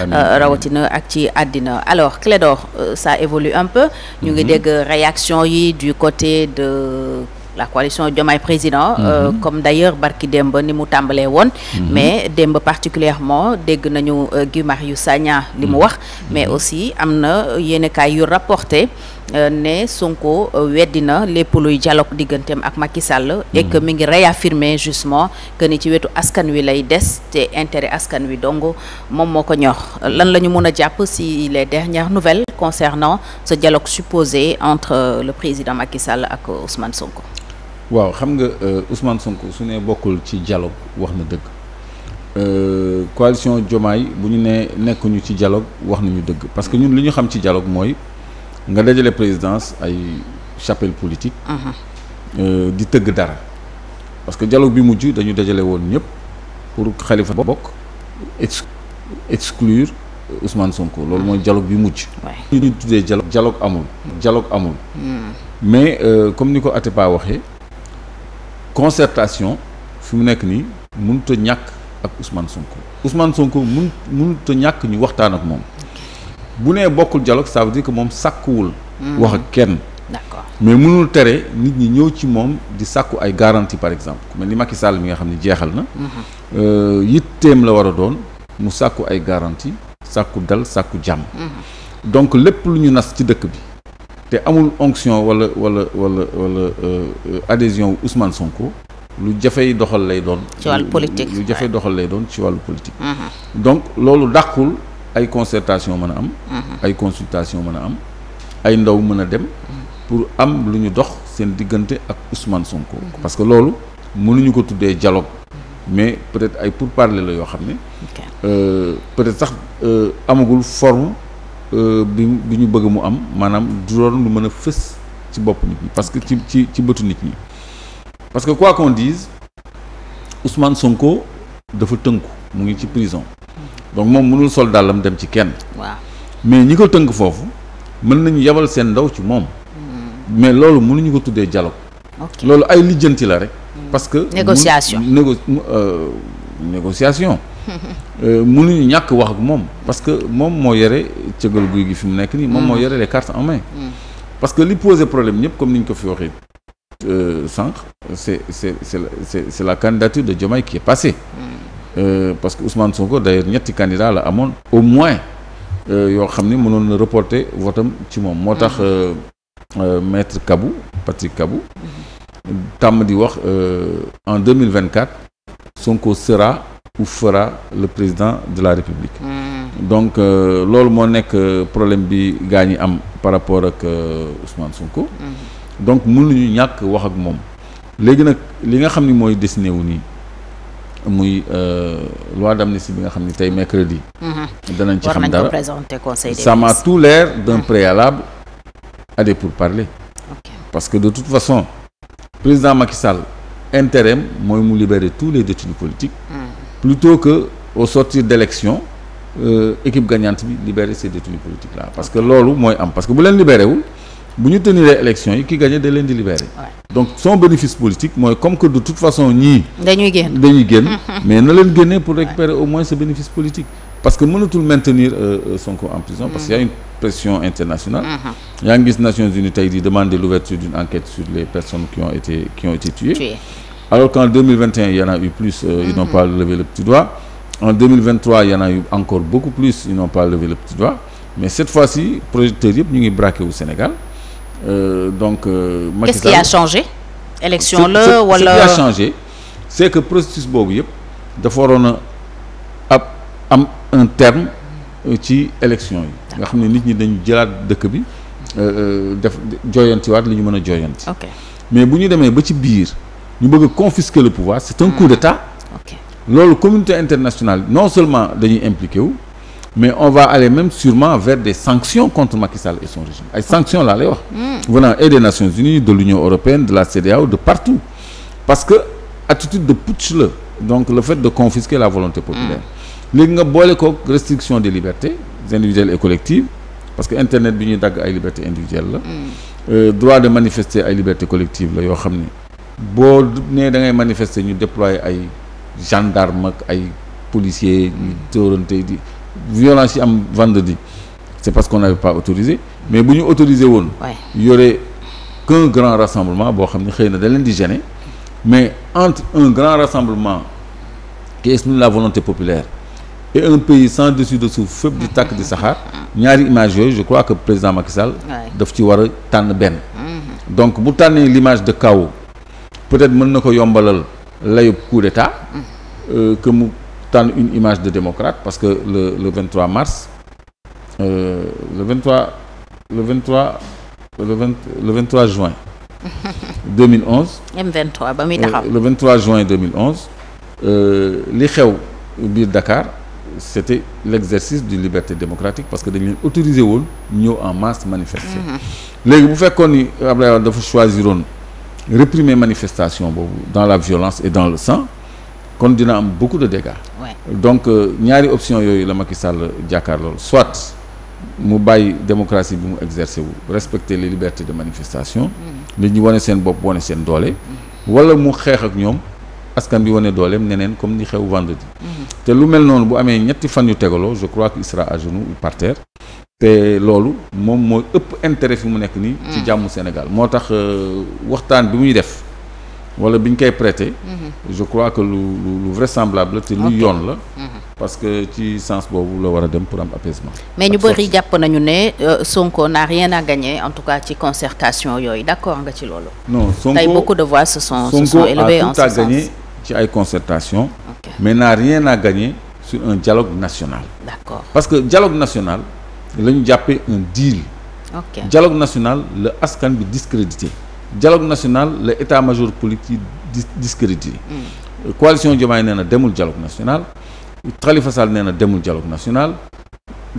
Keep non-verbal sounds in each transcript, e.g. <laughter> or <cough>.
Euh, rawatina ak ci àddina alors Clédor euh, ça évolue un peu ñu ngi mhm. dégg réaction yi du côté de la coalition Diomaye président euh, mhm. comme d'ailleurs barki démb ni mu tàmbalee woon mhm. mais démb particulièrement dégg nañu euh, Guy yu Sagna li mu wax mais aussi am na yéenekaay yu rapporté Euh, ne Sonko euh, weddina lépp luy dialogue digganteem ak Macky Sall. et que mm. mi ngi réaffirmer justement que ni ci wetu askan wi lay des te intérêt askan wi dong moom moo ko ñor lan la ñu mun a jàpp si les dernières nouvelle concernant ce dialogue supposé entre euh, le président Macky Sall ak Ousmane Sonko. waaw xam nga Ousmane Sonko su ne bokkul ci dialogue wax na dëgg. coalition Diomaye bu ñu nee nekkuñu ci dialogue wax nañu dëgg parce que ñun li ñu xam ci dialogue mooy nga dajale présidence ay chapelle politique. Uh-huh. Euh, di tëgg dara. parce que dialogue bi mujj dañu dajale woon ñëpp pour Khalifa bokk ex exclure Ousmane Sonko loolu mooy dialogue bi mujj. ñu ñu tuddee dialogue dialogue amul. jaloog amul. Hmm. mais euh, comme ni ko paa waxee concertation fi mu nekk nii mënut ñàkk ak Ousmane Sonko Ousmane Sonko mun ñàkk ñu waxtaan ak moom. bu ne bokkul dialogue ça veut dire que moom sàkkuwul hmm. wax ak kenn d'accord mais mënul tere nit ñi ñëw ci moom di sàkku ay garantie par exemple ku ni Macky Sall mi nga xam ne jeexal na hmm. euh, yitteem la war a doon mu sàkku ay garantie sàkku dal sàkku jàmm hmm. donc lépp lu ñu nas ci dëkk bi te amul onction wala wala wala wala euh, adhésion wu Ousmane Sonko lu jafey doxal lay doon ci wàllu politique lu jafey doxal lay doon ci wàllu politique donc loolu dàqul ay concertation mën a am ay consultation mën a am ay ndaw mën a dem pour am lu ñu dox seen diggante ak Ousmane Sonko mm-hmm. parce que loolu mënuñu ko tuddee dialogue mais peut-être ay pourparlers la yoo xam ne euh, peut-être sax euh, amagul forme euh, bi bi ñu bëgg mu am maanaam du doon lu mën a fës ci bopp nit ñi parce que ci ci ci bëtu nit ñi parce que quoi qu'on dise Ousmane Sonko dafa tënku mu ngi ci prison donc moom mënul sol dàllam dem ci kenn. waaw mais ñi ko tënk foofu mën nañu yabal seen ndaw ci moom. Hmm. mais loolu mënuñu ko tuddee dialogue. loolu ay lijjanti la rek. Hmm. parce que négociation négo euh, négociation. <laughs> Euh, mënuñu ñàkk wax ak moom parce que moom moo yore cëgal guy gi fi mu nekk nii. moom moo hmm. yore les cartes en main. parce que li posé problème ñëpp comme ni ñu ko fi waxee euh, sànq. c'est c'est c'est c'est la candidature de Diomaye qui est Euh, parce que Ousmane Sonko d'ailleurs ñetti candidat la amoon au moins euh, yoo xam ni mënoon na reporter votam ci moom moo tax mm-hmm. euh, maître Kabou Patrick kabu tàmm di wax en 2024 Sonko sera ou fera le président de la République mmh. donc loolu moo nekk problème bi gaa ñi am par rapport ak Ousmane Sonko mmh. donc mënuñu ñàkk wax ak moom léegi nag li nga xam ni mooy dessiné wu nii muy euh, loi d'amnistie bi nga xam ne tey mercredi. Mhm. danañ ci xam dara ça m'a tout l'air d'un mhm. préalable à des pourparlers okay. parce que de toute façon président Macky Sall mooy mu libérer tous les détenus politiques mhm. plutôt que au sortir d'élection euh, équipe gagnante bi libérer ces détenus politiques là parce que loolu mooy am parce que bu leen libéré wul bu ñu teniree élection yi ki gagné da leen di libérer. donc son bénéfice politique mooy comme que de toute façon ñii. dañuy génn dañuy <laughs> mais na leen génnee pour récupérer au moins ce bénéfice politique. parce que mënatul maintenir euh, euh, Sonko en prison. parce que y a mm. une pression internationale. Mm-hmm. yaa ngi gis Nations Unies tey di demande l'ouverture d'une enquête sur les personnes qui ont été qui ont alors qu'en y en a eu plus. Euh, ils n'ont mm-hmm. pas il y en a eu encore beaucoup plus ils n'ont pas levé le petit doigt mais yëpp ñu ngi braqué wu Sénégal. Euh, donc. Euh, Macky Sall qu'est-ce qui a changé. la wala c'est que processus boobu yëpp dafa waroon ab am un terme euh, ci élection yi. nga xam ne nit ñi dañu jëlaat dëkk bi def jooyantiwaat li ñu mën a jooyanti. ok mais bu ñu demee ba ci biir ñu bëgg a confisquer le pouvoir c'est un hmm. coup d'état. ok loolu communauté internationale non seulement dañuy impliqué wu. mais on va aller même sûrement vers des sanctions contre Macky Sall et son régime ay sanctions laa lay wax. Hmm. venant et des Nations Unies de l'Union européenne de la CEDEAO de partout parce que attitude de putsch la donc le fait de confisquer la volonté populaire. Hmm. léegi nga boole ko restriction de libertés individuelles et collectives parce que internet bi ñuy dagg ay liberté individuelle la. Hmm. Euh, droit de manifester ay liberté collective la yoo xam ne boo nee da ngay manifester ñu déployer ay gendarme ak ay policiers ñu dóorante di violence yi am vendredi c'est parce qu'on n'avait pas autorisé mais bu ñu autorisé woon yore qu'un grand rassemblement boo xam ni xëy na da di gêner mais entre un grand rassemblement qui exprime la volonté populaire et un pays sans dessus dessous fépp di tàkk di saxaar ñaari image yooyu je crois que président Macky daf ci war a tànn benn mm-hmm. donc bu tànnee l'image de chaos peut-être mën na ko yombalal layub coup d'état mm-hmm. euh, que mu tànn une image de démocrate parce que le le 23 mars euh, le 23 le 23 le 20 le 23 juin. 2011. <laughs> M23 ba muy euh, taxaw le 23 juin euh, li xew biir Dakar c'était l'exercice d'une liberté démocratique parce que dañ leen autorisé woon ñëw en masse manifester. Mhm. léegi bu fekkoon ni Abdoulaye Wade dafa choisiroon réprimer manifestation boobu dans la violence et dans le sang. kon dina am beaucoup de dégâts. Ouais. donc euh, ñaari euh, option yooyu la Macky Sall jàkkaar loolu soit mu bàyyi démocratie bi mu exercer wu respecter les libertés de manifestation. Mm. nit ñi wane seen bopp wane seen doole. Mm. wala mu xeex ak ñoom askan bi wane dooleem neneen comme ni xew vendredi. Mm. te lu mel noonu bu amee ñetti fan yu tegaloo je crois qu'il sera à genoux ou te loolu moom mooy ëpp intérêt fi mu nekk nii. ci jàmm Sénégal moo tax euh, waxtaan bi muy def. wala bi ñu koy prêter. Mhm. je crois que lu lu lu vraisemblable te lu yoon la. Mhm. parce que ci sens boobu la war a dem pour am apaisement. mais ñu bëri jàpp nañu ne euh, Sonko n'a rien à gagner en tout cas ci concertation yooyu d'accord nga ci loolu. non Sonko tey beaucoup de voix se sont se a tout à gagner ci ay concertation mais n'a rien à gagner sur un dialogue national. d'accord parce que dialogue national lañu ñu jàppee un deal. dialogue national la askan bi discrédité. jaloog national la état-major politique di discrédité. Mm. coalition Diomaye nee na demul jaloog national. Khalifa Sall nee na demul jaloog national.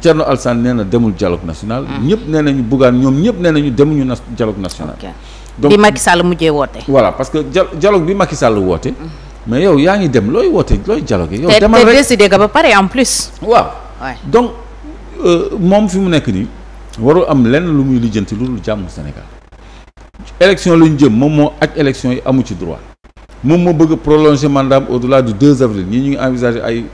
Thierno Alsane nee na demul jaloog national. Mm. ñëpp nee nañu Bougane ñoom ñëpp nee nañu demuñu na dialogue national. donc bi Macky Sall mujjee woote. voilà parce que dialogue bi Macky Sall woote. Mm. mais yow yaa ngi dem looy woote looy dialogue yow demal rek ba pare en plus. waaw donc euh, moom fi mu nekk nii warul am lenn lu muy lijjanti lu dul jàmm Sénégal. élection la ñu jëm moom moo aj élection yi amu ci droit moom moo bëgg a prolonger mandat au-delà du 2 avril ñii ñu ngi envisager ay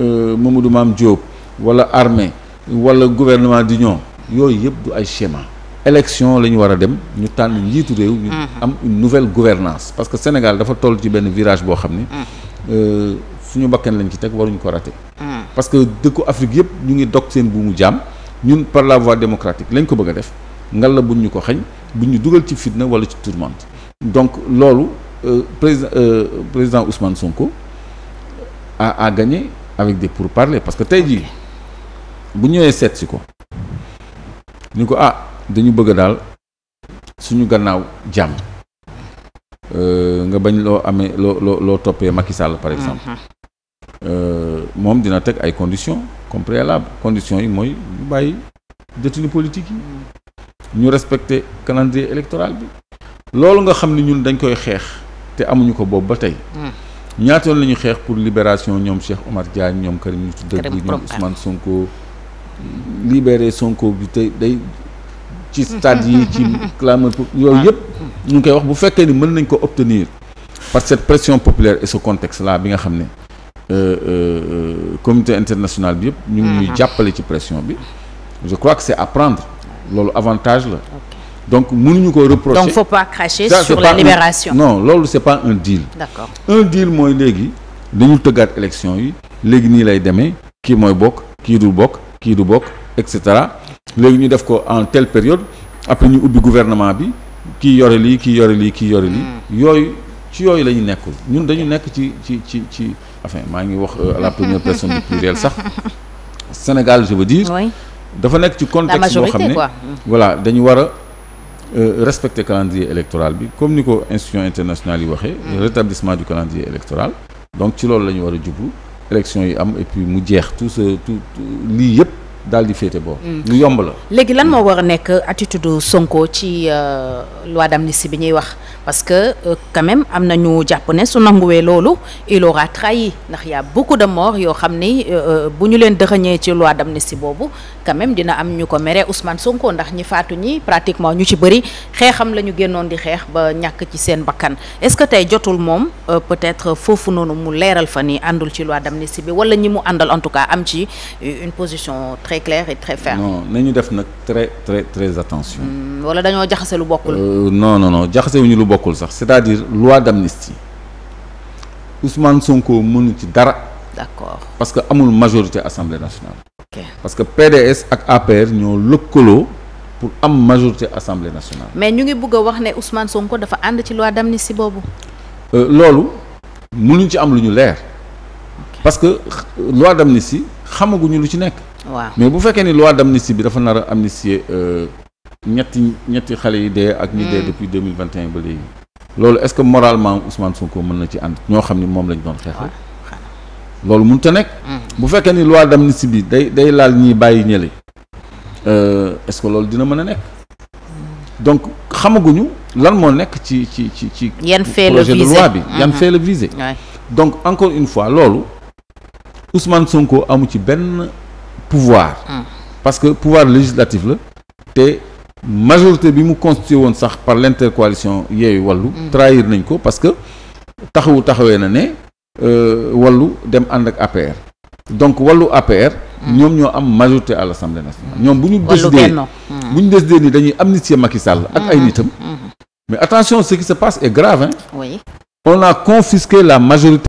euh, Mamadou Mame Diop wala armée wala gouvernement d'union yooyu yëpp du ay schéma élection la ñu war a dem ñu tànn njiitu réew ñu mm-hmm. am une nouvelle gouvernance parce que Sénégal dafa toll ci benn virage boo xam ne mm. euh, suñu bakkan lañ ci teg waruñ ko raté mm. parce que dëkku Afrique yëpp ñu ngi dog seen buumu jaam ñun par la voie démocratique lañ ko bëgg a def la buñ ñu ko xañ bu ñu dugal ci fitna wala ci tourmente donc loolu euh, président euh, président Ousmane Sonko a a gagné avec des pourparlers parce que tey jii bu ñëwee seet si ko ni ko ah dañu bëgg daal suñu gannaaw jàmm euh, nga bañ loo amee loo loo loo toppee Macky Sall par exemple. Mhm. moom dina teg ay conditions comme la conditions yi mooy ñu bàyyi détenu yi mm. ñu respecter calendrier électoral bi loolu nga xam ne ñun dañ koy xeex te amuñu ko boobu ba tey hmm. ñaatoon la ñu xeex pour libération ñoom Cheikh Omar Diagne ñoom Karim ñu tudd dëgg ñoom Ousmane Sonko libéré Sonko bi tey day ci stade yi ci clameur pour yooyu hmm. yëpp ñu ngi koy wax bu fekkee ni mën nañ ko obtenir par cette pression populaire et ce contexte là bi nga xam ne euh, euh, communauté internationale bi yëpp ñu ngi ñuy hmm. jàppale ci pression bi je crois que c'est à prendre loolu avantage la. donc mënuñu ko reprocher donc faut pas cracher ça, sur loolu c'est pas un deal. d'accord un deal mooy léegi dañu tëggaat élection yi léegi nii lay demee kii mooy bokk kii du bokk kii du bokk et cetera léegi ñu def ko en telle période après ñu ubbi gouvernement bi kii yore lii kii yore lii kii yore lii. Hmm. yooyu ci yooyu la ñu nekkul ñun dañu nekk ci ci ci ci enfin maa ngi wax euh, la première personne du pluriel sax <laughs> Sénégal je veux dire. Oui. dafa nekk ci contexte boo xam ne voilà dañu war a euh, respecter calendrier électoral bi comme ni ko institution internationale yi waxee mm. rétablissement du calendrier électoral donc ci loolu la ñu war a jublu élection yi am et puis mu jeex tout ce tout lii yëpp daal di féete boo mm. lu yomb la léegi lan mm. moo war a nekk attitude Sonko ci dam euh, d'amnistie bi ñuy wax parce que euh, quand même am na ñu jàpp ne su nanguwee loolu il aura trahi ndax y a beaucoup de morts yoo xam ni euh, euh, bu ñu leen dëxëñee ci loi d'amnistie boobu quand même dina am ñu ko mere Ousmane Sonko ndax ñi faatu ñi pratiquement ñu ci bëri xeexam la ñu génnoon di xeex ba ñàkk ci seen bakkan est-ce que tey jotul moom euh, peut-être foofu noonu mu leeral fa ni àndul ci loi d'amnistie bi wala ñi mu àndal en tout cas am ci une position très claire et très ferme. nañu def nag bokkul sax c'est-à-dire loi d'amnistie Ousmane Sonko mënu ci dara. d'accord parce que amul majorité assemblée nationale. parce que PDS ak APR ñoo lëkkaloo pour am majorité assemblée nationale. mais ñu ngi bëgg a wax ne Ousmane Sonko dafa ànd ci loi d'amnistie boobu. Euh, loolu mënuñ ci am lu ñu leer. parce que loi d'amnistie xamaguñu lu ci nekk. waaw mais bu fekkee ni loi d'amnistie bi dafa nar a amnistier. Euh, ñetti ñetti xale yi dee ak ñi dee mm. depuis deux mille vingt et un ba loolu est-ce que moralement Ousmane Sonko mën na ci ànd ñoo xam ni moom lañ doon xeexal. loolu mënut a nekk. Mm. bu fekkee ni loi d'amnistie bi day day laal ñiy bàyyi ñële. Euh, est-ce que loolu dina mën a nekk. Mm. donc xamaguñu lan moo nekk ci ci ci ci. yan fait le visé bi yan fait le mm-hmm. visé. donc encore une fois loolu Ousmane Sonko amu ci benn pouvoir. parce que pouvoir législatif la te. majorité bi mu constitué woon sax par l' intercoalition yeeyu wàllu mm. trahir nañ ko parce que taxawu taxawee na ne euh, wallu dem ànd ak APR donc wallu APR mm. ñoom ñoo am majorité à l' nationale ñoom bu ñu décidé mm. bu ñu décidé ni dañuy am amnistier Macky Sall ak ay mm-hmm. nitam mm-hmm. mais attention ce qui se passe est grave hein oui on a la majorité